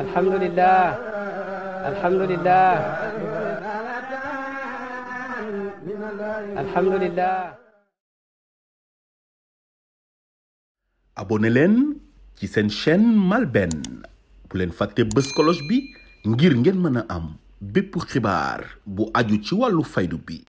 alhamdulilah alhamdulilah alhamdulilah. abonné leen ci seen chaîne MALBN bu leen fàtte bës kolos bi ngir ngeen mën a am bépp xibaar bu aju ci wàllu faydu bi.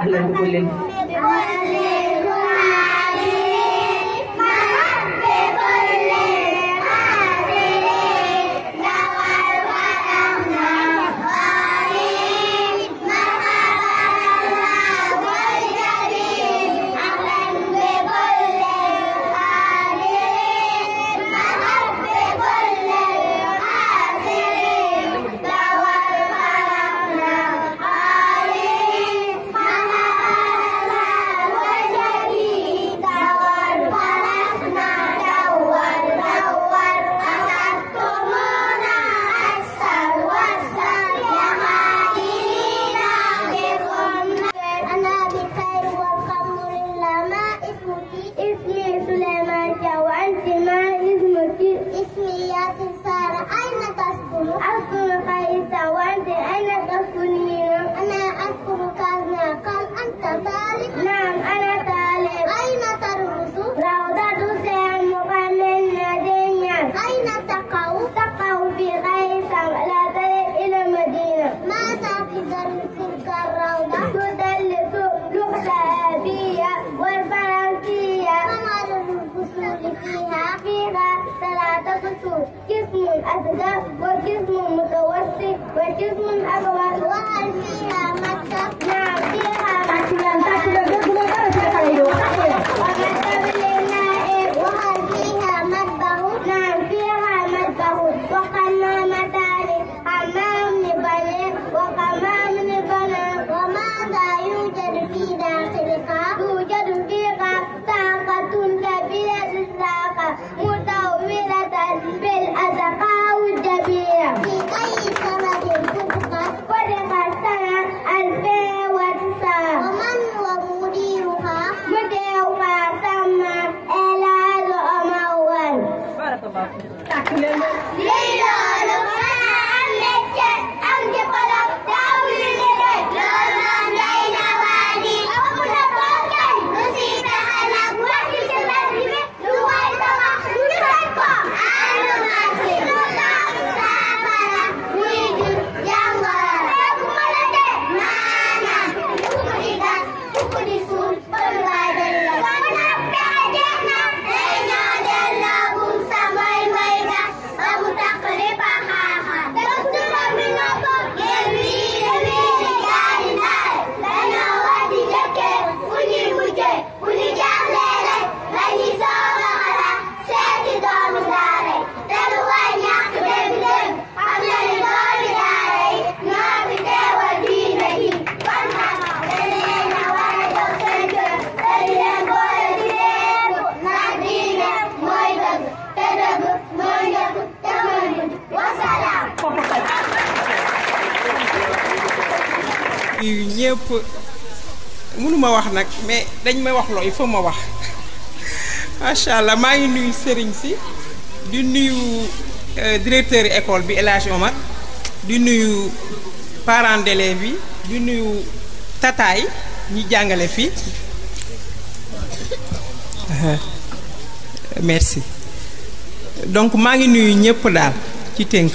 Ablaye Ndogo leen nuyu ñëpp mënuma wax nag mais dañ may wax loo il faut ma wax macha allah maa ngi nuyu sëriñ si di nuyu euh, directeur école bi El Hadj Omar di nuyu parents d'élèves yi di nuyu tataay ñu jàngale fii merci donc maa ngi nuyu ñëpp daal ci tënk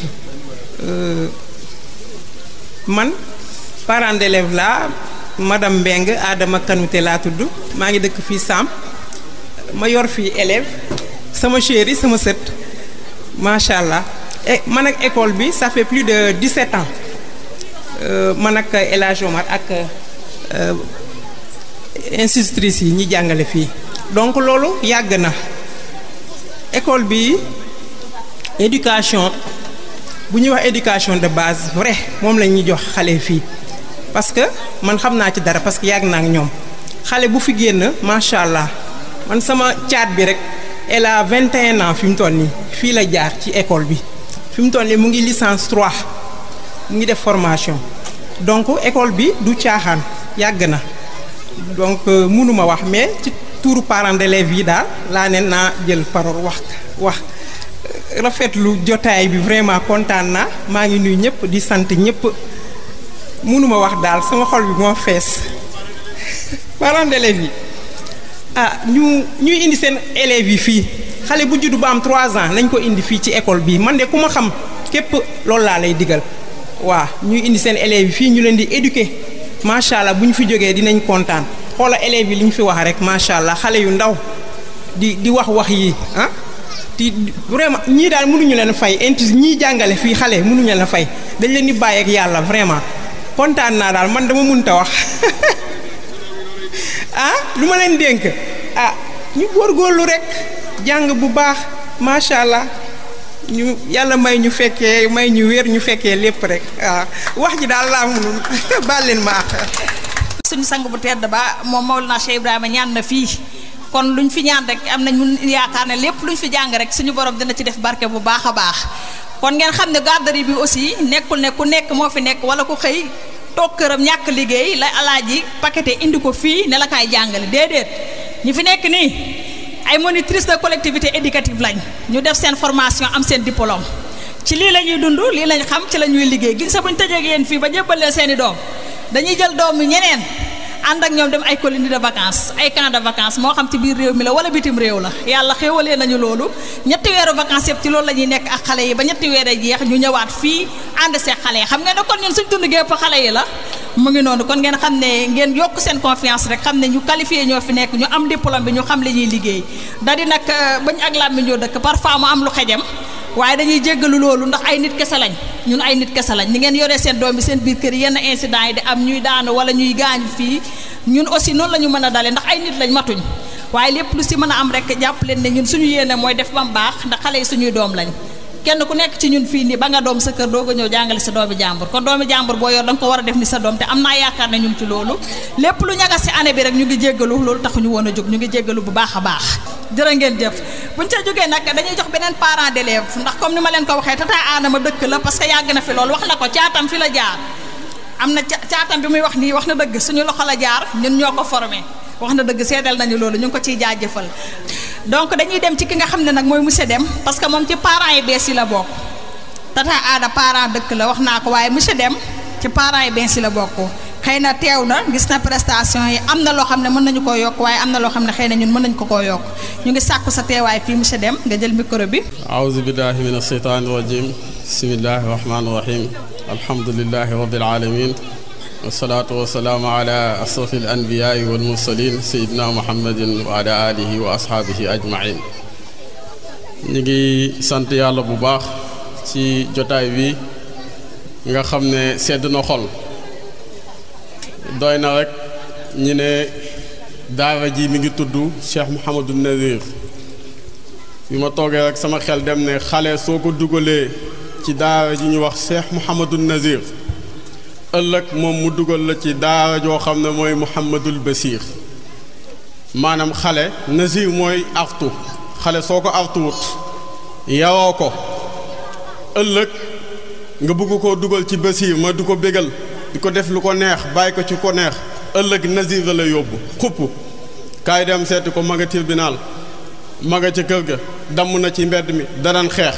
euh, man. parents d'élèves la madame Mbeng Adama Kanouté laa tudd maa ngi dëkk fii Samb ma yor fii élève sama chéri sama sët macha allah e man ak école bi safe plus de 17 ans euh, man ak El ak euh, institutrices yi ñi jàngale fii donc loolu yàgg na école bi éducation bu ñuy wax éducation de base vrai moom la ñuy jox xale fii parce que man xam naa ci dara parce que yàgg naa ak ñoom xale bu fi génn macha allah man sama caat bi rek elle a 21 ans fi mu toll nii fii la jaar ci école bi fi mu toll nii mu ngi licence 3 mu ngi def formation donc école bi du caaxaan yàgg na donc euh, mënuma wax mais ci tuuru parents d'élèves yi daal laa ne naa jël parole wax wax. rafetlu jotaay bi vraiment kontaan naa maa ngi nuyu ñëpp di sant ñëpp. mënuma wax daal sama xol bi moo fees parents d'élèves ah ñu ñuy indi seen élèves yi fii xale bu juddu ba am 3 ans nañ ko indi fii ci école bii man de ku ma xam képp lool laa lay diggal waa ñuy indi seen élèves yi fii ñu leen di éduquer macha allah bu ñu fi jógee dinañ kontaan xoola élèves yi li ñu fi wax rek macha allah xale yu ndaw di di wax wax yi ah ti vraiment ñii daal mënuñu leen fay inti ñii jàngale fii xale mënuñu leen fay dañ leen di bàyyi ak yàlla vraiment. kontaan naa daal man dama munta wax ah lu ma leen dénk ah ñu góorgóorlu rek jàng bu baax macha allah ñu yàlla may ñu fekkee may ñu wér ñu fekkee lépp rek waaw ah, wax ji daal laa munul baal leen ma àq suñu sang bu tedd ba moom Mawlana Cheikh Ibrahima ñaan na fii kon lu ñu fi ñaan rek am nañ mun yaakaar ne lépp luñ fi jàng rek suñu borom dina ci def barke bu baax a baax kon ngeen xam ne garderie bi aussi nekkul ne ku nekk moo fi nekk wala ku xëy toog këram ñàkk liggéey la alaaji paqueté indi ko fii ne la kaay jàngale déedéet ñi fi nekk nii ay monitrice de collectivité éducative lañ ñu def seen formation am seen diplôme ci lii la ñuy dund lii lañ xam ci la ñuy liggéey gis sa buñ tëjee fii ba jébbal seeni doom dañuy jël doom doomu ñeneen. ànd ak ñoom dem ay colonie de vacances ay camp de moo xam ci biir réew mi la wala bitim réew la yàlla xéewalee nañu loolu ñetti weeru vacances yëpp ci loolu la ñuy nekk ak xale yi ba ñetti weer a jeex ñu ñëwaat fii ànd see xale yi xam ngeen ne kon ñun suñ dund gépp xale yi la mu ngi noonu kon ngeen xam ne ngeen yokk seen confiance rek xam ne ñu qualifié ñoo fi nekk ñu am diplôme bi ñu xam li ñuy liggéey daal di nag euh, bañ ak làmmiñ ñoo dëkk parfois mu am lu xejam waaye dañuy jéggalu loolu ndax ay nit kese lañ ñun ay nit kese lañ ni ngeen yoree seen doom bi seen biir kër yenn incident yi di am ñuy daanu wala ñuy gaañu fii ñun aussi noonu la ñu mën a dalee ndax ay nit lañ matuñ waaye lépp lu si mën a am rek jàpp leen ne ñun suñu yéene mooy def ba mu baax ndax xale yi suñuy doom lañ kenn ku nekk ci ñun fii nii ba nga doom sa kër doog a ñëw jàngale sa doomi jàmbur kon doomi jàmbur boo yor da ko war a def ni sa doom te am naa yaakaar ne ñu ci loolu lépp lu ñagas si année bi ngi jéggalu loolu taxuñu woon a jóg ñu ngi jéggalu bu baax a baax jërë ngeen jëf buñ ca jógee nag dañuy jox beneen parent d'élève comme ni ma leen ko waxee tata Adama dëkk la parce que yàgg na fi loolu wax ko caatam fi la jaar am na caatam bi muy wax nii wax na dëgg suñu loxo la jaar ñun ñoo ko formé wax na dëgg seedal nañu loolu ñu ko ciy jaajëfal donc dañuy dem ci ki nga xam ne nag mooy monsieur dem parce que moom ci parents yi bees yi la bokk tata aada parent dëkk la wax naa ko waaye monsieur dem ci parents yi bees yi la bokk xëy na teew na gis na prestation yi am na loo xam ne mën nañu koo yokk waaye am na loo xam ne xëy na ñun mën nañu ko koo yokk ñu ngi sàkku sa teewaay fii monsieur dem nga jël micro bi aouzu billahi min asheytaani rajim bismillahi rahmaani rahim alhamdulilahi rabbil alamin wasalaatu wasalaamu ala asrafi al anbiyaai wal mursalin sayidna muhammadin wa ala alihi wa ashaabihi ajmain ñu ngi sant yàlla bu baax ci jotaay bi nga xam ne sedd na xol doy na rek ñi ne daara ji mi ngi tudd Cheikh Mouhamadou Nazir bi ma toogee rek sama xel dem ne xale soo ko dugalee ci daara ji ñu wax Cheikh Mouhamadou Nazir ëllëg moom mu dugal la ci daara joo xam ne mooy muhammadul basiir maanaam xale nasir mooy artu xale soo ko artuwut yaroo ko ëllëg nga bugg ko dugal ci basiir ma du ko bégal di ko def lu ko neex bàyyi ko ci ko neex ëllëg nasir la la yóbbu xupp kaay dem seeti ko ma nga tribunal ma nga ca kër ga damm na ci mbedd mi danaan xeex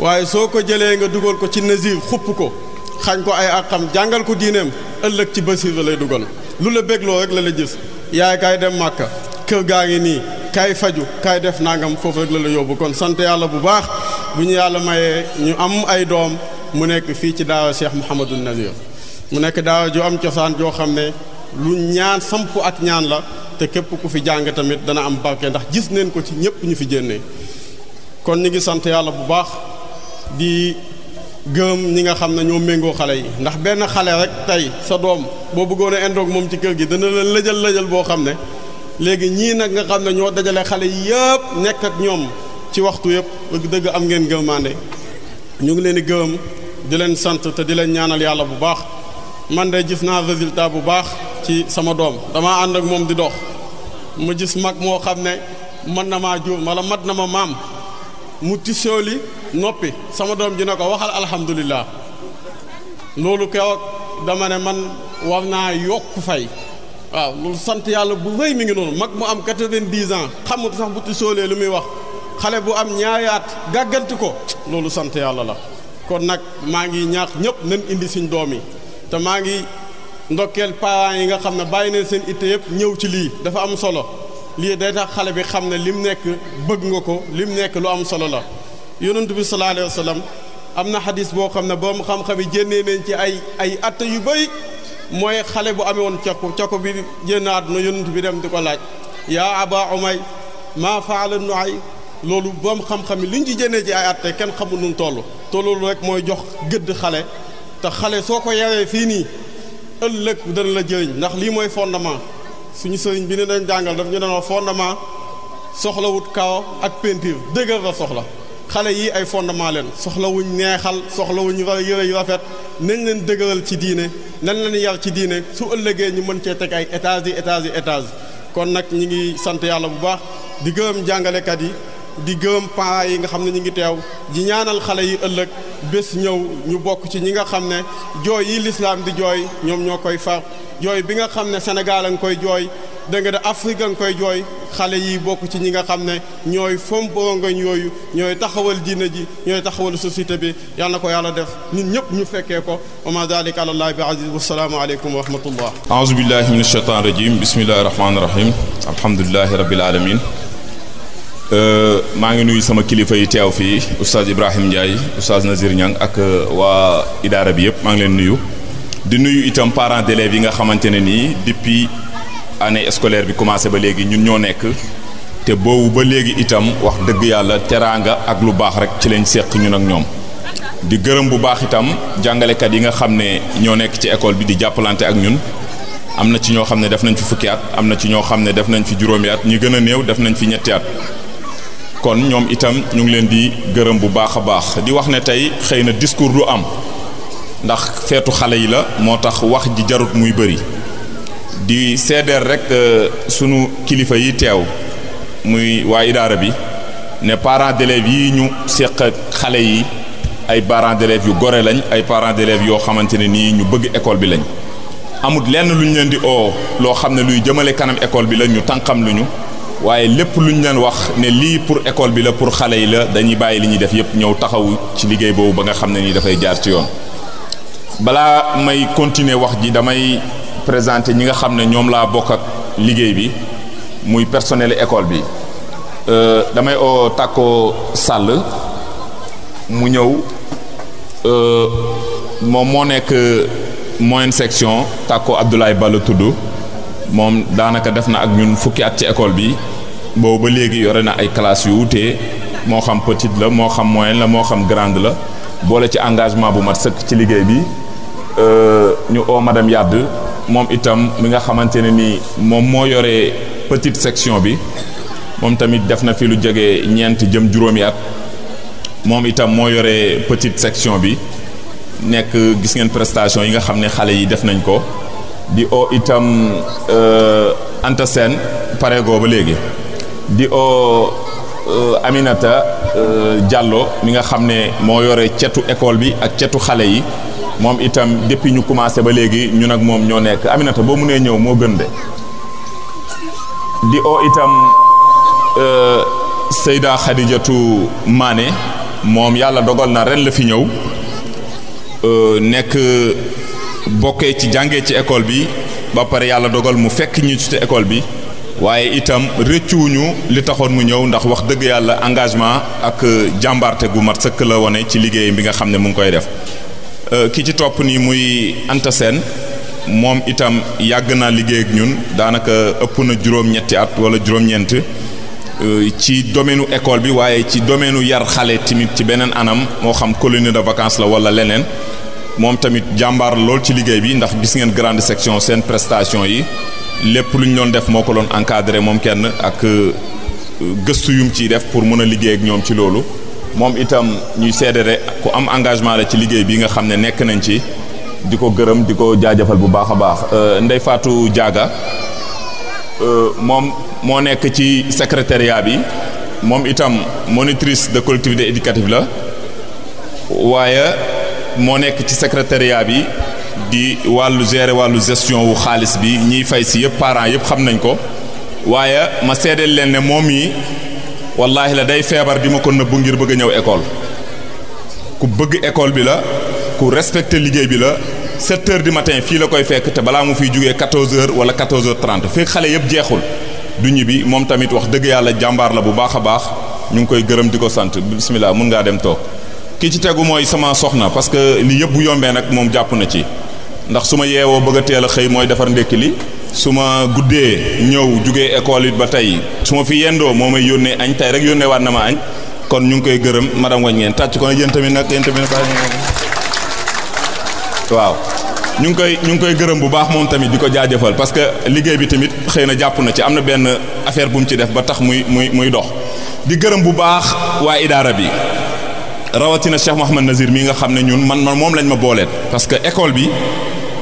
waaye soo ko jëlee nga dugal ko ci nasir xupp ko xañ ko ay àqam jàngal ko diineem ëllëg ci basiir la lay dugal lu la bégloo rek la la gis yaay kaay dem màkka kër gaa ngi nii kaay faju kaay def nangam foofu rek la la yóbbu kon sant yàlla bu baax bu ñu yàlla mayee ñu am ay doom mu nekk fii ci daara Cheikh Mouhamadul Nazir mu nekk daara ju am cosaan joo xam ne lu ñaan samp ak ñaan la te képp ku fi jàng tamit dana am barke ndax gis neen ko ci ñëpp ñu fi jénnee kon ñu ngi sant yàlla bu baax di gërëm ñi nga xam ne ñoo méngoo xale yi ndax benn xale rek tey sa doom boo bëggoon a moom ci kër gi dana la lëjal lëjal boo xam ne léegi ñii nag nga xam ne ñoo dajale xale yi yëpp nekk ñoom ci waxtu yëpp dëgg am ngeen gërëmaande ñu ngi leen di gërëm di leen sant te di leen ñaanal yàlla bu baax man de gis naa résultat bu baax ci sama doom damaa ànd ak moom di dox ma gis mag moo xam ne mën na maa jur wala mat na ma maam mu li noppi sama doom ji ne ko waxal alhamdulilah loolu keroog dama ne man war naa yokk fay waaw loolu sant yàlla bu wéy mi ngi noonu mag mu am quatre-vingt-dix ans xamut sax bu tisóolee lu muy wax xale bu am ñaayaat gàgganti ko loolu sant yàlla la kon nag maa ngi ñaax ñëpp nañ indi suñ doom yi te maa ngi ndokkeel parents yi nga xam ne bàyyi nañ seen itte yëpp ñëw ci lii dafa am solo lii day tax xale bi xam ne lim nekk bëgg nga ko lim nekk lu am solo la yonent bi sallallahu alayhi wa sallam am na xadis boo xam ne boom xam-xam yi jénnee ci ay ay atte yu bëri mooy xale bu amee woon cokku cokku bi jénn àdduna yonent bi dem di ko laaj yaa aba umay maa faala nuay loolu boom xam-xam yi liñ ci jénnee ci ay atte kenn xamul nu mu toll te loolu mooy jox gëdd xale te xale soo ko yaree fii nii ëllëg dana la jëriñ ndax lii mooy fondement suñu sëriñ bi ne dañ jàngal daf ñu doon fondement soxlawut kaw ak peinture dëgër la soxla xale yii ay fondement leen soxlawuñ neexal soxlawuñ yëre yu rafet nañ leen dëgëral ci diine nañ leen yar ci diine su ëllëgee ñu mën cee teg ay étage yi étage kon nag ñu ngi sant yàlla bu baax di gërëm jàngalekat yi di gërëm parents yi nga xam ne ñu ngi teew di ñaanal xale yi ëllëg bés ñëw ñu bokk ci ñi nga xam ne jooy yi lislaam di jooy ñoom ñoo koy far jooy bi nga xam ne Sénégal a nga koy jooy dégg nga de Afrique a nga koy jooy xale yi bokk ci ñi nga xam ne ñooy fomp rongoñ yooyu ñooy taxawal diina ji ñooy taxawal société bi yal na ko yàlla def ñun ñëpp ñu fekkee ko wa ma dalika ala allahi bi aziz wasalaamu aleykum wa rahmatullah aousubillahi min ashaitan rajim a rahmani rahim alhamdulilahi rabil Euh, maa ngi nuyu sama kilifa yi teew fii oustaz Ibrahim Ndiaye oustaz Nazir Niang ak euh, waa idaara bi yëpp maa ngi leen nuyu. di nuyu itam parents d'élèves yi nga xamante ne nii depuis anne scolaire bi commencé ba léegi ñun ñoo nekk te boobu ba léegi itam wax dëgg yàlla teraanga ak lu baax rek ci lañ seq ñun ak ñoom. di gërëm bu baax itam jàngalekat yi nga xam ne ñoo nekk ci école bi di jàppalante ak ñun am na ci ñoo xam ne def nañ fi fukki at am na ci ñoo xam ne def nañ fi juróomi at gën a néew def nañ fi ñetti at kon ñoom itam ñu ngi leen di gërëm bu baax a baax di wax ne tey xëy na discours du am ndax feetu xale yi la moo tax wax ji jarut muy bëri di seedeel rek euh, sunu kilifa yi teew muy waa idaara bi ne parents d'élèves yi ñu seq xale yi ay parents d'élèves yu gore lañ ay parents d'élèves yoo xamante ne nii ñu bëgg école bi lañ amut lenn lu ñu leen di oo loo xam ne luy jëmale kanam école bi lañ ñu tànqam luñu waaye lépp lu ñu leen wax ne lii pour école bi la pour xale yi la dañuy bàyyi li ñuy def yépp ñëw taxawu ci liggéey boobu ba nga xam ne ni dafay jaar ci yoon balaa may continuer wax ji damay présenter ñi nga xam ne ñoom laa bokk ak liggéey bi muy personnel école bi euh, damay oo tàkkoo sàll mu ñëw euh, moom moo nekk moyen section tàkkoo Abdoulaye Balla tudd moom daanaka def na ak ñun fukki at ci école bi boobu ba léegi yore na ay classes yu wute moo xam petite la moo xam moyenne la moo xam grande la boole ci engagement bu mat sëkk ci liggéey bi euh, ñu oo madame Yàdd moom itam mi nga xamante ne ni moom moo yore petite section bi moom tamit def na fi lu jege ñeent jëm juróomi moom itam moo yore petite section bi nekk gis ngeen prestation yi nga xam ne xale yi def nañ ko. di o itam euh, Anta Sène ba léegi di o euh, Aminata euh, Diallo mi nga xam ne moo yore cetu école bi ak cetu xale yi moom itam depuis ñu commencé ba léegi ñun nag moom ñoo nekk Aminata boo mu nee ñëw moo gën de di o itam Seyda Khadijatu maane moom yàlla dogal na ren la fi ñëw nekk bokkee ci jàngee ci école bi ba pare yàlla dogal mu fekk ñu ci école bi waaye itam rëccuwuñu li taxoon mu ñëw ndax wax dëgg yàlla engagement ak jàmbarte gu mat sëkk la wone ci liggéey bi nga xam ne mu ngi koy def euh, ki ci topp nii muy Anta Sène moom itam yàgg naa liggéeyak ñun daanaka ëpp na juróom-ñetti at wala juróom-ñeent euh, ci domaine école bi waaye ci domaine yar xale tamit ci beneen anam moo xam colonie de vacances la wala leneen moom tamit jàmbaar lool ci liggéey bi ndax gis ngeen grande section seen prestation yi lépp lu ñu doon def moo ko loon encadré moom kenn ak euh, gëstu yum ciy def pour mën a liggéey ak ñoom ci loolu moom itam ñuy seedere ku am engagement la ci liggéey bi nga xam ne nekk nañ ci di ko gërëm di ko jaajëfal bu baax a baax euh, Ndeye Fatou Diaga euh, moom moo nekk ci secrétariat bi moom itam monitrice de collectivité éducative la waaye moo nekk ci secrétariat bi di wàllu gérer wàllu gestion wu xaalis bi ñiy fay si yëpp parent yëpp xam nañ ko waaye ma seedeel leen ne moom yi wallaahi la day feebar di ma ko nëbbu ngir bëgg a ñëw école ku bëgg école bi la ku respecte liggéey bi la 7 heures du matin fii la koy fekk te balaa mu fiy jugee 14 heures wala 14 heures 30 fekk xale yëpp jeexul du ñibbi moom tamit wax dëgg yàlla jàmbaar la bu baax a baax ñu ngi koy gërëm di ko sant bisimilah mun ngaa dem toog. ki ci tegu mooy sama soxna parce que li yëpp bu yombee nag moom jàpp na ci ndax su ma yeewoo bëgg a teel a xëy mooy defar ndékki li su ma guddee ñëw jugee ecole it ba tey su ma fi yendoo moo may yónnee añ tey rek yónnee waat na ma añ kon ñu ngi koy gërëm madame wañ ngeen tàcc ko yéen tamit nag yéen tamit nag waaw ñu ngi koy ñu ngi koy gërëm bu baax moom tamit di ko jaajëfal parce que liggéey bi tamit xëy na jàpp na ci am na benn affaire bu ci def ba tax muy muy muy dox di gërëm bu baax waa idaara bi rawatina Cheikh Mouhamad Nazir mii nga xam ne ñun man ma moom lañ ma booleen parce que école bi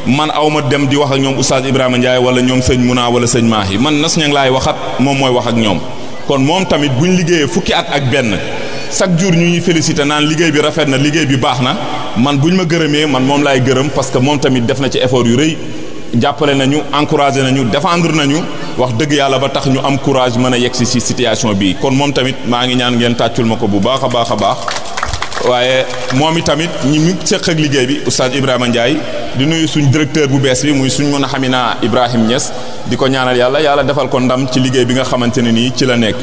man awma dem di wax ak ñoom oustaz Ibrahima Ndiaye wala ñoom sëñ munaa wala sëñ Mahi man nas ña laay waxat moom mooy wax ak ñoom kon moom tamit buñ liggéeyee fukki at ak benn chaque jour ñu ñuy félicité naan liggéey bi rafet na liggéey bi baax na man bu ma gërëmee man moom laay gërëm parce que moom tamit def na ci effort yu rëy jàppale nañu encouragé nañu défendre nañu wax dëgg yàlla ba tax ñu am courage mën a yegg si si situation bi kon moom ngi ñaan ngeen tàccul ma ko bu baax a baax a baax. waaye moom i tamit ñi mu seq ak liggéey bi oustaz Ibrahima Ndiaye di nuyu suñ directeur bu bees bi muy suñ mën a xamina Ibrahim ñes di ko ñaanal yàlla yàlla defal ko ndam ci liggéey bi nga xamante ne nii ci la nekk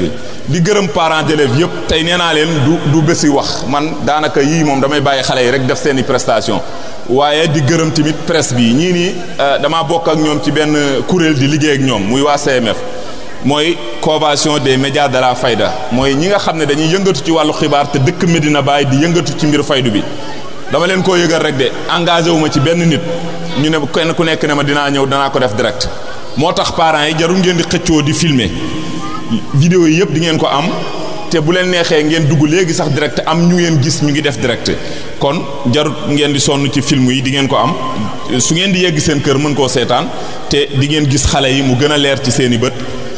di gërëm parents d'élèves yëpp tey nee naa leen du du bési wax man daanaka yii moom damay bàyyi xale yi rek def seen i prestation waaye di gërëm tamit presse bi ñii nii euh, damaa bokk ak ñoom ci benn kuréel di liggéey ak ñoom muy waa CMF mooy convention des médias de la fayda mooy ñi nga xam ne dañuy yëngatu ci wàllu xibaar te dëkk Medina bàyyi di yëngatu ci mbir faydu bi dama leen koo yëgal rek de engagé wu ma ci benn nit ñu ne kenn ku nekk ne ma dinaa ñëw danaa ko def direct moo tax parents yi jarul ngeen di xëccoo di filmer vidéo yi yëpp di ngeen ko am te bu leen neexee ngeen dugg léegi sax direct am ñu ngeen gis ñu ngi def direct kon jarut ngeen di sonn ci film yi di ngeen ko am su ngeen di yegg seen kër mën koo seetaan te di xale yi mu gën a leer ci seeni bët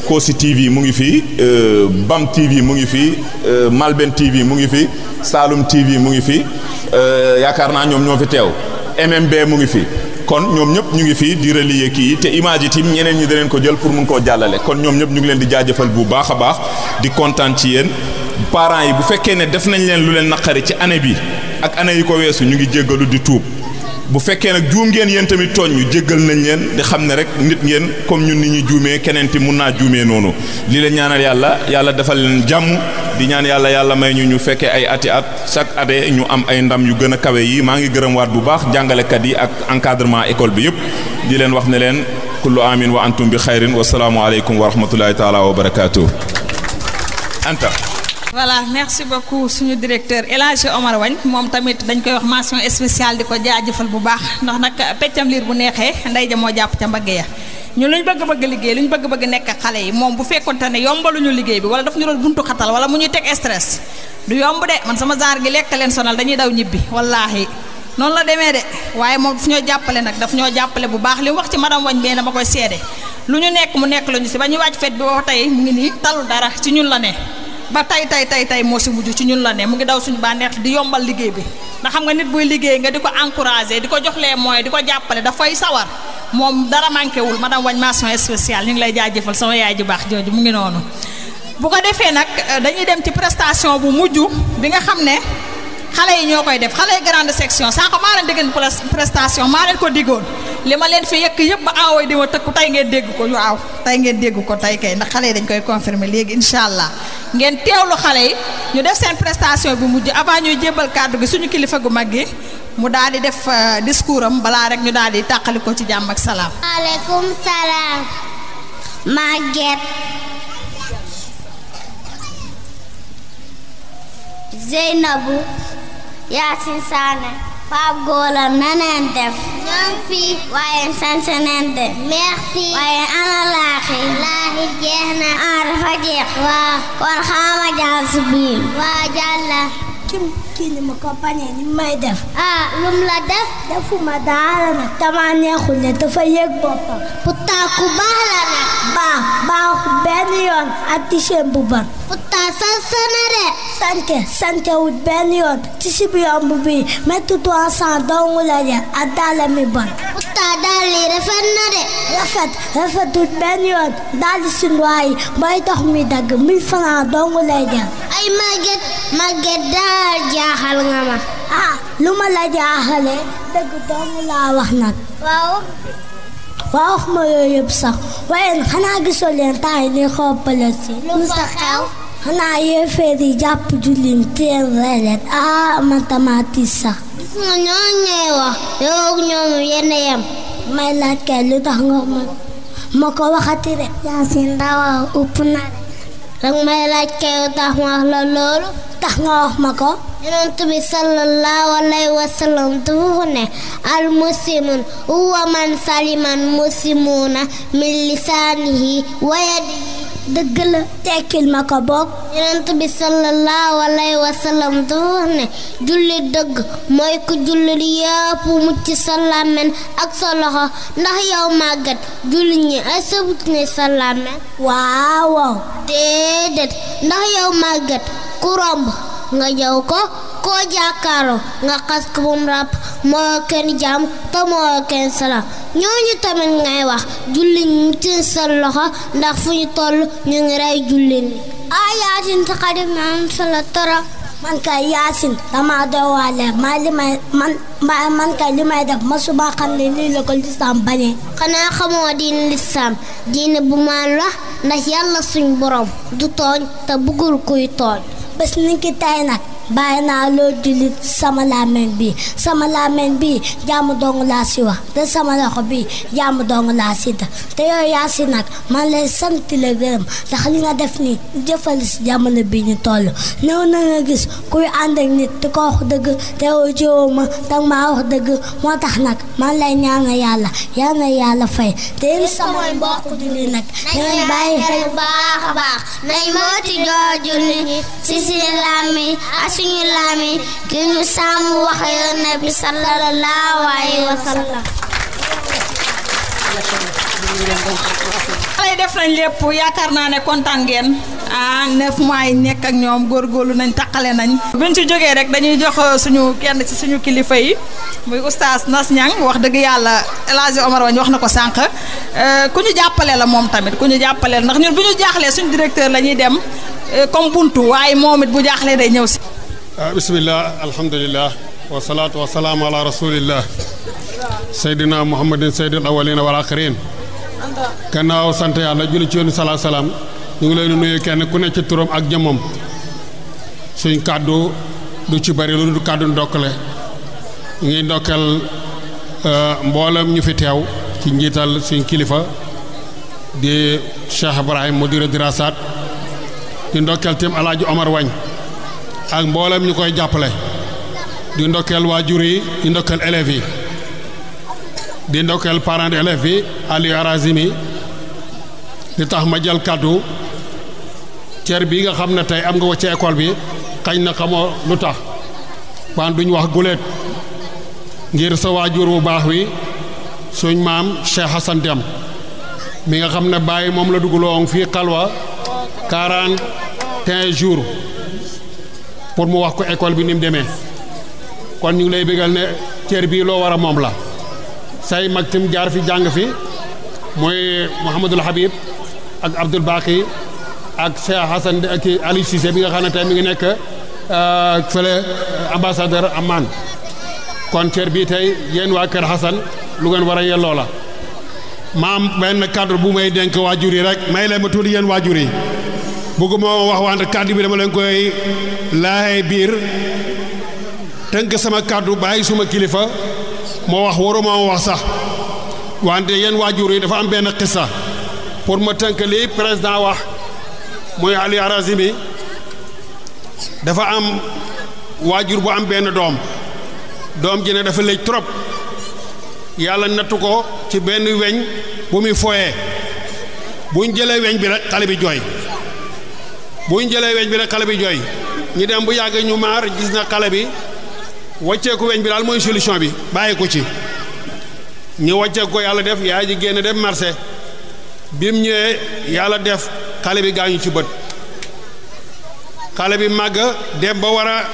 Kossy TV mu ngi fii euh, Bam TV mu ngi fii euh, Malben TV mu ngi fii Saloum TV mu ngi fii euh, yaakaar naa ñoom ñoo fi teew MMB mu ngi fi kon ñoom ñëpp ñu ngi fii di relier kii te image yi tamit ñeneen ñi daleen ko jël pour mu ngi koo jàllale kon ñoom ñëpp ñu ngi leen di jaajëfal bu baax baax di kontaan ci yéen parents yi bu fekkee ne def nañ leen lu leen naqari ci année bi ak année yi ko weesu ñu ngi jéggalu di tuub bu fekkee nag juum ngeen yéen tamit tooñ ñu jéggal nañ leen di xam ne rek nit ngeen comme ñun ni ñuy juumee keneen ti mun naa juumee noonu lii la ñaanal yàlla yàlla defal leen jàmm di ñaan yàlla yàlla may ñu ñu fekkee ay ati at chaque année ñu am ay ndam yu gën a kawe yi maa ngi gërëm waat bu baax jàngalekat yi ak encadrement école bi yëpp di leen wax ne leen kullu amin wa antum bi xayrin wa salaamu aleykum wa rahmatullahi taala wa barakaatu anta voilà merci beaucoup suñu directeur El Hadji Omar Wagne moom tamit dañ koy wax mention spéciale di ko jaajëfal bu baax ndax nag peccam liir bu neexee ndey ja moo jàpp ca mbagg ya ñun lu ñu bëgg bëgg liggéey lu ñu bëgg bëgg nekk ak xale yi moom bu fekkonte ne ñu liggéey bi wala daf ñu doon buntu xatal wala mu ñuy teg stress du yomb de man sama genre gi lekk leen sonal dañuy daw ñibbi wallaahi noonu la demee de waaye moom daf ñoo jàppale nag daf ñoo jàppale bu baax li mu wax ci madame Wagne bee dama koy seede lu ñu nekk mu nekk la ñu si ba ñu wàcc fet bi tey mu ngi nii talu dara ci ñun la ne ba tay tay tay tay moo si mujj ci ñun la ne mu ngi daw suñu bànneex di yombal liggéey bi ndax xam nga nit buy liggéey nga di ko encouragé di ko jox les moyens di ko jàppale dafay sawar moom dara manqué wul madame wañ mention spéciale ñu ngi lay jëfal sama yaay ji baax jooju mu ngi noonu bu ko defee nag euh, dañuy dem ci prestation bu mujj bi nga xam ne xale yi ñoo koy def xale yi grande section saa ko maa leen déggoon prestation maa leen ko diggoon li ma leen fi yëkk yëpp ba aaway di ma tëkku tey ngeen dégg ko waaw tey ngeen dégg ko tey kay ndax xale yi dañ koy confirmer léegi incha allah ngeen teewlu xale yi ñu def seen prestation bu mujj avant ñuy jébbal kàddu gi suñu kilifa gu mag gi mu daal di def euh, discours am balaa rek ñu daal di tàqali ko ci jàmm ak salaam. maaleykum salaam. Maguette. Zeynabou. Yacine Sané Pape Gora na ngeen def ñoom fii waaye sant nañ de waaye ana laaxi laaxi jeex na ah dafa jeex xaama jaal si waa jàlla kii ni ma ko bañee ni may def. Ah, lum la def. defuma daara nag. damaa neexul ne dafa yëg boppam. pourtant ku baax la nag. baaxu benn yoon ak tiseen bu bon. pourtant sanse na de. sante sante wut benn yoon tisi bu yomb bi métti trois cent dong la ja ak daala mi bon. pourtant daal li rafet na de. rafet rafet wut benn yoon daal di si noyyi mooy dagg mille francs dong lay ay màgget màgget daal ja. jaaxal nga ma. ah lu ma la jaaxalee dëgg doomu laa wax nag. waaw. wax ma yooyu yëpp sax waaye xanaa gisoo leen temps yi si. lu fa xew. xanaa yéeféer jàpp jullit teel reelet ah man sax. gis nga wax. yow ak ñooñu yéen may laaj kay lu tax nga ma ma ko waxati de. yaa si ndaw upp na de. may laaj kay lu tax ma wax la loolu. tax nga wax ma ko yonent bi sallallahu alayhi wa sallam dafa ne al muslimun huwa man salima al muslimuna min lisaanihi wa yadihi dëgg la tekkil ma ko bokk yonent bi sallallahu alayhi wa sallam dafa wax ne julli dëgg mooy ku julli di yëpp mucc sa ak sa loxo ndax yow màggat julli ñi ay sabut ne sa waaw déedéet ndax yow màggat ku romb nga jaw ko koo jàkkaaroo nga xas ko bu mu ràpp moo kenn jaam te moo kenn salaam ñooñu tamit ngay wax jullit ñi tiin seen loxo ndax fu ñu toll ñu ngi rey jullit ñi ah yaasin sa xarit maam sala toro man kay yaasin damaa doy waale maa li man maa man kay li may def masuma xam ne lii la ko lislaam bañee xanaa xamoo diin lislaam diine bu ma la ndax yàlla suñ borom du tooñ te bëggul kuy tooñ bés ni ki tey nag bàyyi naa loo jullit sama làmmiñ bi sama làmmiñ bi jàmm dong laa si wax te sama loxo bi jaamu dong laa si da te yow yaa si nag man lay sant la gërëm ndax li nga def ni jëfal si jamono bi ñu toll néew na nga gis kuy ànd nit te ko wax dëgg te yow ma danga maa wax dëgg moo tax nag man lay ñaan nga yàlla yal na yàlla fay te sama mbokk jullit nag ngeen bàyyi xel baax a baax nañ mooti jooju ni si si làmmiñ suñu làmmiñ gi ñu sàmm wax Yonent bi sallallahu alayhi wa xale yi def nañ lépp yaakaar naa ne kontaan ngeen ah neuf mois yi nekk ak ñoom góor góorlu nañ taqale nañ. buñ ci jógee rek dañuy jox uh, suñu kenn ci suñu kilifa yi muy oustaz Nas Niang wax dëgg yàlla El Hadj Omar Wañ wax na ko sànq uh, ku ñu jàppale la moom tamit ku ñu jàppale la ndax ñun bu ñu jaaxlee suñu directeur la ñuy dem uh, comme buntu waaye moom it bu jaaxlee day ñëw si. Ah, bisimilah alhamdulilah wasalaatu wasalaam ala rasulillah seydina muhammadin seydil awalina wal axirin gannaaw sant yàlla julli ci yoonu salaa salaam ñu ngi leen di nuyu kenn ku ne ci turam ak jëmmam suñ kàddu du ci bari lu du kàddu ndokkale ñu ngi ndokkal ah, mboolem ñu fi teew ci njiital suñ kilifa di Cheikh Ibrahim Mudira Dirasaat di ndokkal tim alaaji Omar Wañ ak mboolem ñu koy jàppale di ndokkeel waajur yi di ndokkeel élèves yi di ndokkeel parents d'élèves bi Aliou Arazimi li tax ma jël kàddu cër bi nga xam ne tey am nga ko ci bi xañ na xamoo lu tax waan duñ wax guléet ngir sa waajur wu baax wi suñ maam Cheikh Hassan Deme mi nga xam ne bàyyi moom la dugaloon fii xalwa quarante et un jours pour mu wax ko école bi ni demee kon ñu ngi lay bégal ne cër bii loo war a moom la say mag tim jaar fi jàng fi mooy Mouhamadul Habib ak Abdoul Baqi ak Cheikh Hassan ak Aliou Cissé bi nga xam ne tey mi ngi nekk euh, fële euh, ambassadeur Amman kon cër bii tey yéen waa Kër Hassan lu ngeen war a yelloo la maam benn cadre bu may dénk waajur yi rek may leen ma tuuti yéen waajur yi bëgguma wax wante kàddu bi dama leen koy laay biir tënk sama kàddu bàyyi suma kilifa moo wax waruma wax sax wante yenn waajur yi dafa am benn xissa pour ma tënk li président wax muy Ali Harazimi dafa am waajur bu am benn doom doom ji ne dafa lëj trop yàlla nattu ko ci benn weñ bu muy foyee buñ jëlee weñ bi rek xale bi jooy bu ñu jëlee weñ bi rek xale bi jooy ñu dem bu yàggee ñu maar gis na xale bi wàcceeku weñ bi daal mooy solution bi bàyyi ko ci ñu wàcceeku ko yàlla def yaay ji génn dem marché bim mu yàlla def xale bi gaañu ci bët xale bi màgg dem ba war a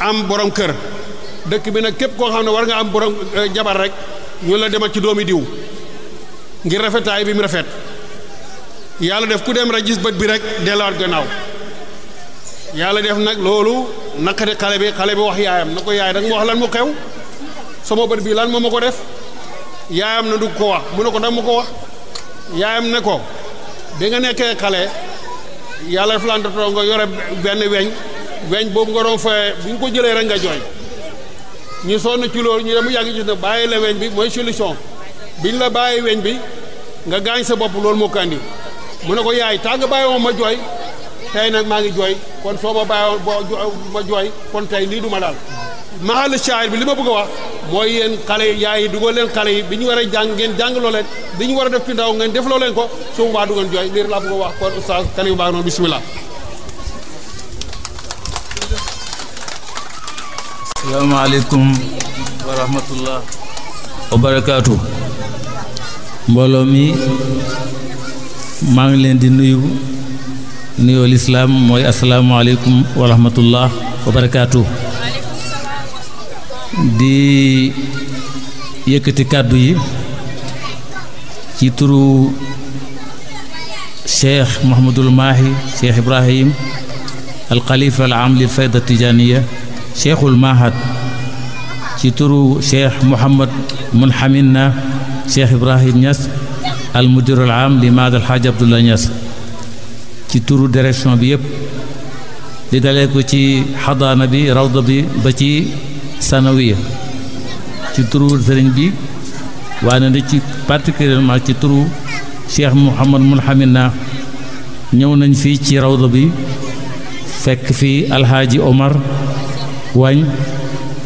am borom kër dëkk bi nag képp koo xam ne war nga am borom euh, jabar rek ñu la demal ci doomi diw ngir rafetaay bi mu rafet yàlla def ku dem rek gis bët bi rek delluwaat gannaaw yàlla def nag loolu naqari xale bi xale bi wax yaayam na ko yaay nag ma wax lan mu xew sama bët bii lan moo ma ko def yaayam na du ko wax mu na ko dama ko wax yaayam ne ko bi nga nekkee xale yàlla def lan dootoo nga yore benn weñ weñ boobu nga doon fee bu ko jëlee rek nga jooy ñu sonn ci loolu ñu dem yàgg gis ne bàyyi la weñ bi mooy solution biñ la bàyyi weñ bi nga gaañ sa bopp loolu moo ko mu ne ko yaay tàgg bàyyi moom ma jooy tey nag maa ngi jooy kon soo ma bàyyoon kon tey lii du daal maxal shaayir bi li ma bëgg a wax mooy yéen xale yaay yi dugal leen yi bi ñu war a jàng ngeen jàng loo leen war a def ci ndaw ngeen def loo leen ko su boobaa du jooy lii laa bëgg wax kon oustaz xale yu baax noonu bisimilah. asalaamaaleykum mi maa ngi leen di nuyu. nuyoo lislaam mooy asalaamualeykum wa rahmatullah wa barakaatu di yëkkati kàddu yi ci turu cheikh Mouhamadul Mahi cheikh Ibrahim al xalifa al am lil fayda tijaniya cheikhul mahad ci turu cheikh Mouhamad Munhamina cheikh Ibrahim Niass al mudirul am li maad Abdullah Niass ci turu direction bi yëpp di dalee ko ci xadaana bi rawda bi ba ci sanawiya ci turu sëriñ bi waaye na ci particulièrement ci turu cheikh mouhamad mulhamid na ñëw nañ fii ci rawda bi fekk fii alhaaji omar wañ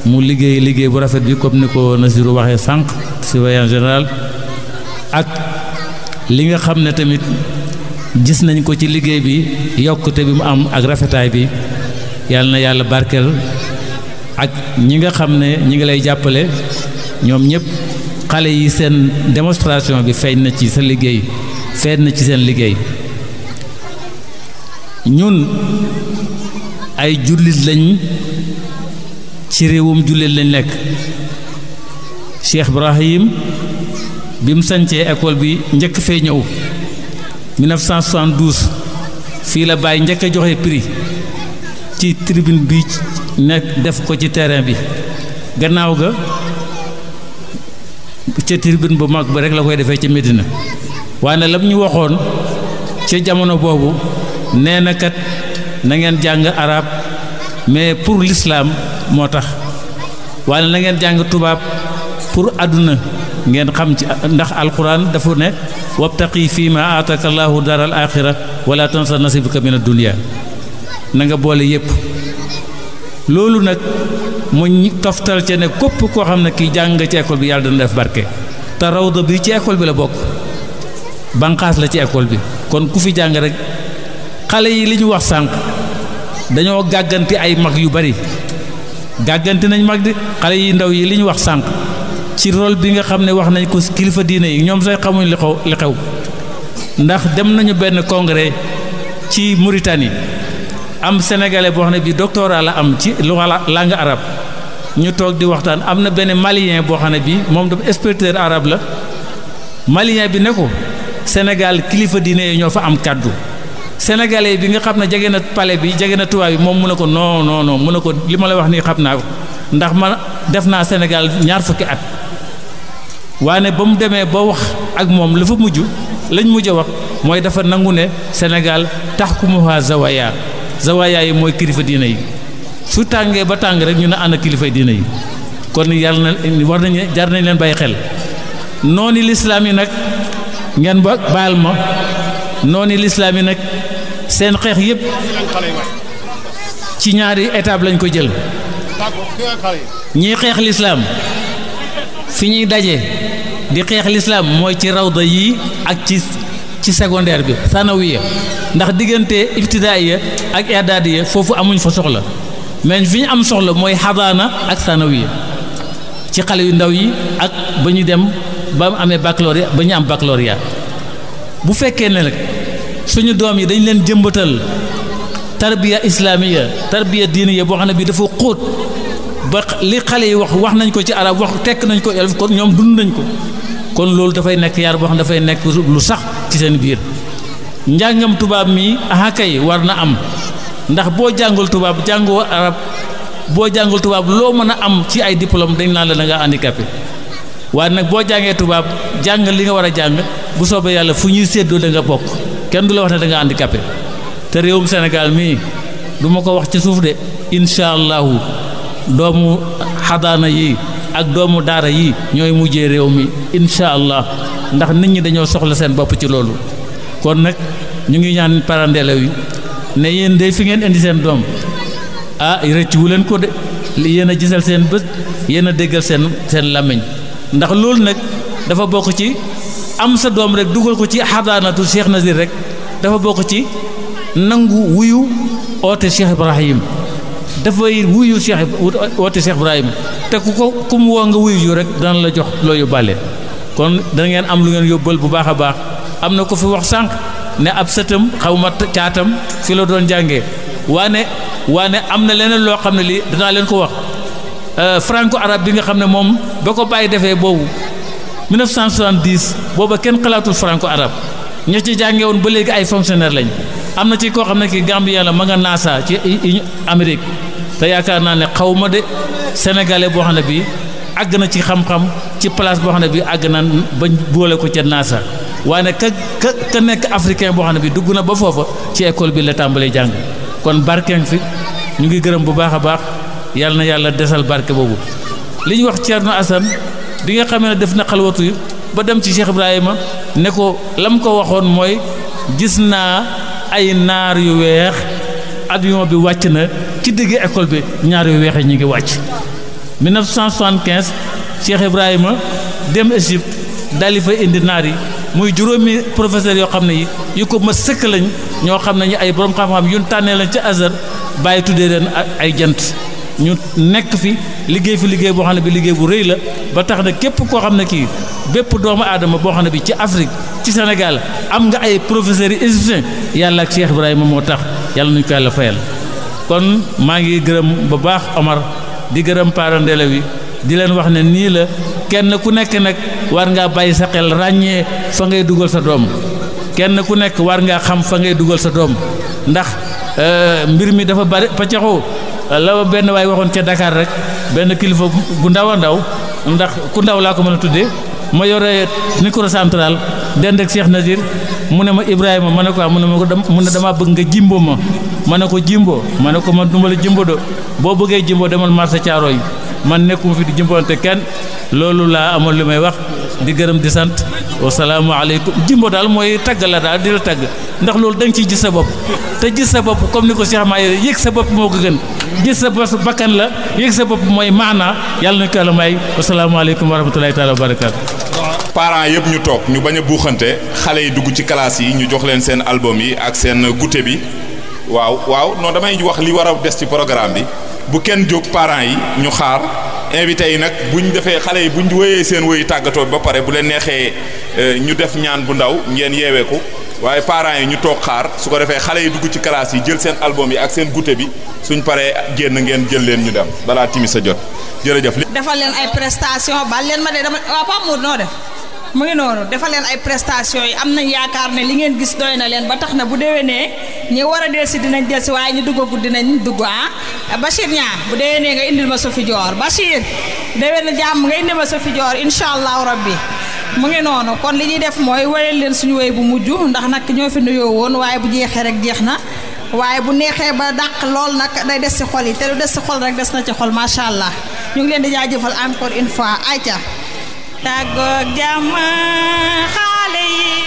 mu liggéey liggéey bu rafet bi comme ni ko Nasiru waxee sànq surveillant général ak li nga xam ne tamit gis nañ ko ci liggéey bi yokkute bi mu am ak rafetaay bi yàlla na yàlla barkeel ak ñi nga xam ne ñi ngi lay jàppale ñoom ñëpp xale yi seen démonstration bi feeñ na ci sa liggéey feeñ na ci seen liggéey ñun ay jullit lañ ci réewum jullit lañ nekk Cheikh Ibrahim bi mu sancee école bi njëkk fee ñëw 1972 fii la Baye njëkk joxe prix ci tribune bi nekk def ko ci terrain bi gannaaw ga ca tribune bu mag ba rek la koy defee ci Medina waaye nag lam ñu waxoon ci jamono boobu nee na kat na ngeen jàng arab mais pour lislaam moo tax waaye na ngeen jàng tubaab pour àdduna ngeen xam ci ndax alquran dafa ne wabtaqi fii ma aataka allahu dar al axira wala tansa nasibaka min addunia na nga boole yépp loolu nag mu toftal ca ne këpp koo xam ne kii jàng nga ci école bi yàlla dana def barke te rawda bi ci école bi la bokk banqaas la ci école bi kon ku fi jàng rek xale yi li ñu wax sànq dañoo gàggante ay mag yu bari gàggante nañ mag di xale yi ndaw yi li ñu wax sànq ci rôle bi nga xam ne wax nañ ko kilifa diine yi ñoom say xamuñ li xew li xew ndax dem nañu benn congrès ci Mauritanie am sénégalais boo xam ne bi doctorat am ci lu langue arabe ñu toog di waxtaan am na benn malien boo xam ne bi moom dam inspecteur arabe la malien bi ne ko senegal kilifa diine yi ñoo fa am kàddu sénégalais bi nga xam ne jege na pale bi jege na tubaab bi moom mu ne ko non non mu ne ko li ma la wax nii xam naa ko ndax man def naa Sénégal ñaar at waane ba mu demee ba wax ak moom lafa mujj lañ mujj a wax mooy dafa nangu ne Sénégal taxkumuha zawaya zawaya yi mooy kilifa diina yi su tàngee ba tàng rek ñu ne ana kilifa diina yi kon yàlla na war nañu jar nañ leen bàyyi xel noonu lislaam yi nag ngeen ba baal ma noonu lislaam yi nag seen xeex yépp ci ñaari étape lañ ko jël ñii xeex lislaam fi ñuy daje di xeex lislaam mooy ci rawda yii ak ci ci secondaire bi sanawiya ndax diggante ibtidaaiya ak idaadiya foofu amuñ fa soxla mais fi ñu am soxla mooy xadaana ak sanawiya ci xale yu ndaw yi ak ba ñu dem ba mu amee baccalauréat ba ñu am baccalauréat bu fekkee ne nag suñu doom yi dañ leen jëmbatal tarbiya islaamiya tarbiya diiniya boo xam ne bi dafa xóot ba li xale yi wax wax nañ ko ci arab wax tekk nañ ko elf kon ñoom dund nañ ko kon loolu dafay nekk yar boo xam dafay nekk lu sax ci seen biir njàngam tubaab mii aha war na am ndax boo jàngul tubaab jàngoo boo jàngul tubaab loo mën a am ci ay diplôme dañ naan la da ngaa handicapé nag boo jàngee tubaab jàng li nga war a jàng bu soobee yàlla fu ñuy seddoo danga bokk kenn du la wax ne da nga te réewum Sénégal mii du ko wax ci suuf de incha doomu xadaana yi ak doomu daara yi ñooy mujje réew mi incha allah ndax nit ñi dañoo soxla seen bopp ci loolu kon nag ñu ngi ñaan parents d'élèves yi ne yéen de fi ngeen indi seen doom ah rëccuwu leen ko de yéen a gisal seen bët yéen a déggal seen seen làmmiñ ndax loolu nag dafa bokk ci am sa doom rek dugal ko ci xadaanatu Cheikh Nazir rek dafa bokk ci nangu wuyu oote Cheikh Ibrahim dafay wuyu Cheikh woote Cheikh Ibrahima te ku ko ku woo nga wuyu ju rek dana la jox loo yóbbaale kon dana ngeen am lu ngeen yóbbal bu baax a baax am na ko fi wax sànq ne ab sëtam xaw ma caatam fi la doon jàngee waane waane am na leneen loo xam ne lii danaa leen ko wax euh, franco arabe bi nga xam ne moom ba ko bàyyi defee boobu 1970 booba kenn xalaatul franco arabe ña ci jàngee woon ba léegi ay fonctionnaire lañ am na ci koo xam ne ki Gambien la ma nga NASA ci Amérique te yaakaar naa ne xawma de sénégalais boo xam ne bii àgg na ci xam-xam ci place boo xam ne bii àgg na bañ boole ko ca NASA waaye nag ka ka ka nekk africain boo xam ne bii dugg na ba foofa ci école bi la tàmbalee jàng kon barken fi ñu ngi gërëm bu baax a baax yàlla na yàlla desal barke boobu li ñu wax Thierno Assane bi nga xamee ne def na xalwatu yi ba dem ci Cheikh Ibrahima ne ko la mu ko waxoon mooy gis naa ay naar yu weex avion bi wàcc na. digg école bi ñaar yu weexe ñu ngi wàcc 1975 Cheikh Ibrahima dem Égypte daal di fa indi naar yi muy juróomi professeur yoo xam ne yi yu ko ma sëkk ñoo xam ne ñu ay borom xam-xam yun tànnee lañ ca Azhar bàyyi tuddee leen ay jant ñu nekk fi liggéey fi liggéey boo xam ne bi liggéey bu rëy la ba tax na képp koo xam ne kii bépp doomu aadama boo xam ne bi ci Afrique ci Sénégal am nga ay professeurs yi égyptiens yàlla ak Cheikh Ibrahima moo tax yàlla nuñ ko yàlla fayal kon maa ngi gërëm bu baax Omar di gërëm parents d'élèves yi di leen wax ne nii la kenn ku nekk nag war ngaa bàyyi sa xel ràññee fa ngay dugal sa doom kenn ku nekk war ngaa xam fa ngay dugal sa doom ndax euh, mbir mi dafa bari paccaxoo la benn waay waxoon ca dakaar rek benn kilifa gu ndaw a ndaw ndax ku ndaw laa ko mën a tuddee ma yore microcentral dend ak Cheikh Nazir mu ne ma Ibrahima ma ne ko mu ne ma mu ne damaa bëgg nga jimbo ma ma ne ko jimbo ma ne ko ma la jimbo do boo bëggee jimbo demal marché Thiaroye man nekkuma fi di jimboonte kenn loolu laa amoon li may wax di gërëm di sant. wasalaamaaleykum jimbo daal mooy tagg la daal di la tagg ndax loolu da nga ciy gis sa bopp te gis sa bopp comme ni ko Cheikh Maye yëg sa bopp moo ko gis sa bopp bakkan la yëg sa bopp mooy maanaa yàlla na ko yàlla may wasalaamaaleykum wa rahmatulahi taala wa barakaatu. parents yëpp ñu toog ñu bañ a buuxante xale yi dugg ci classe yi ñu jox leen seen album yi ak seen goûter bi waaw waaw non damay wax li war a des ci programme bi bu kenn jóg parent yi ñu xaar. invité yi nag ñu defee xale yi bu buñ wéyee seen wéyu tàggatoo bi ba pare bu leen neexee euh, ñu def ñaan bu ndaw ngeen yeewee ko waaye parents yi ñu toog xaar su ko defee xale yi dugg ci classe yi jël seen album yi ak seen goûter bi suñ paree génn ngeen jël leen ñu dem balaa timis sa jot jërëjëf. defal leen ay prestation bal leen ma de dama waaw Pape Mour noo def. mu ngi noonu defal leen ay prestation yi am nañ yaakaar ne li ngeen gis doy na leen ba tax na bu déwénee ñi war a delsi dinañ delsi waaye ñu duggagul dinañ dugg ah Bachir ñaa bu déwénee nga indil ma sofi Sophie Dior Bachir déwén jàmm nga indil ma sofi joor incha allahu rabbi mu ngi noonu kon li ñuy def mooy wayal leen suñu way bu mujj ndax nag ñoo fi nuyoo woon waaye bu jeexee rek jeex na waaye bu neexee ba dàq lool nag day des ci xol yi te lu des ci rek des na ci xol macha allah ñu ngi leen di jaajëfal encore une fois ayca tàggoog jàmm xaale yi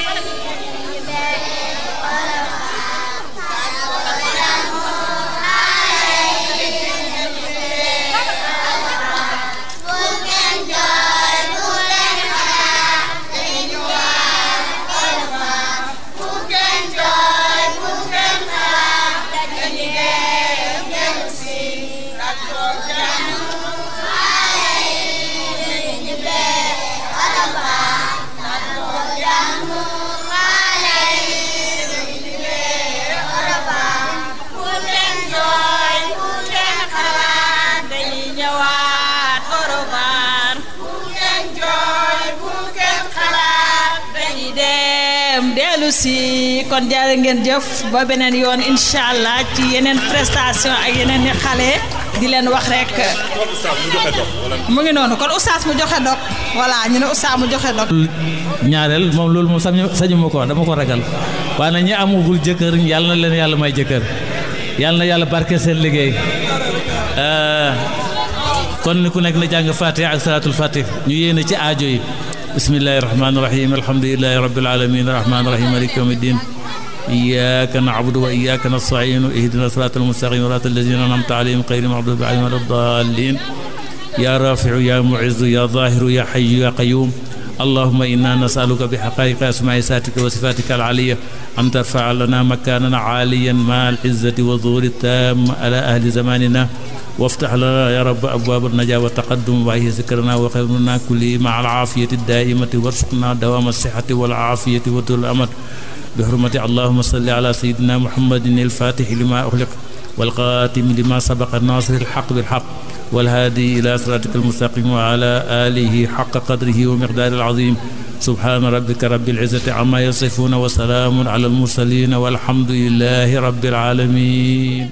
dem si kon jaare ngeen jëf ba beneen yoon incha allah ci yeneen prestation ak yeneen i xale di leen wax rek. mu ngi noonu kon oustaz mu joxe dog voilà ñu ne mu joxe dog ñaareel moom loolu moom sañu ma ko dama ko ragal waaye na ñi amagul jëkkër yàlla na leen yàlla may jëkkër yàlla na yàlla barke seen liggéey. Euh, kon ni ku nekk na jàng Fatiha ak salaatul Fatih ñu yéene ci aajo yi. bismillahi rahmaani rahiim alhamdulillahi rabbil aalamiin rahmaani rahiim maaliki yawmi ddiin iyyaaka na'budu wa iyyaaka nasta'iin ihdinaa siraatal mustaqiim siraatal laziina an'amta alayhim ghayril maghduubi alayhim wa lad-daalliin yaa raafi'u yaa mu'izzu yaa zaahiru yaa hayyu yaa qayyuum allahumma innaa nas'aluka bi haqaa'iqi asmaa'i saatika wa sifaatika al-'aliyya an tarfa'a lanaa makaanan 'aaliyan ma'a al-'izzati wa zuhuri taammi alaa ahli zamaanina waftax lana ya rabba abwaaba najaa wa taqaddum waaye zikrana wa xeyruna kulli ma al aafiyati daaimati warsuqna dawaama sixati wal aafiyati wa tul amat bi xurmati allahuma salli ala sayidina muhammadin alfatixi lima uxliq walxaatimi lima sabaqa naasiri alxaq bilxaq walhaadi ila siraatika almustaqim wa ala alihi xaqa qadrihi wa miqdaari alazim subhaana rabbika rabbil izzati amma yasifuuna wa salaamun ala almursalin walhamdulilahi rabbil alamin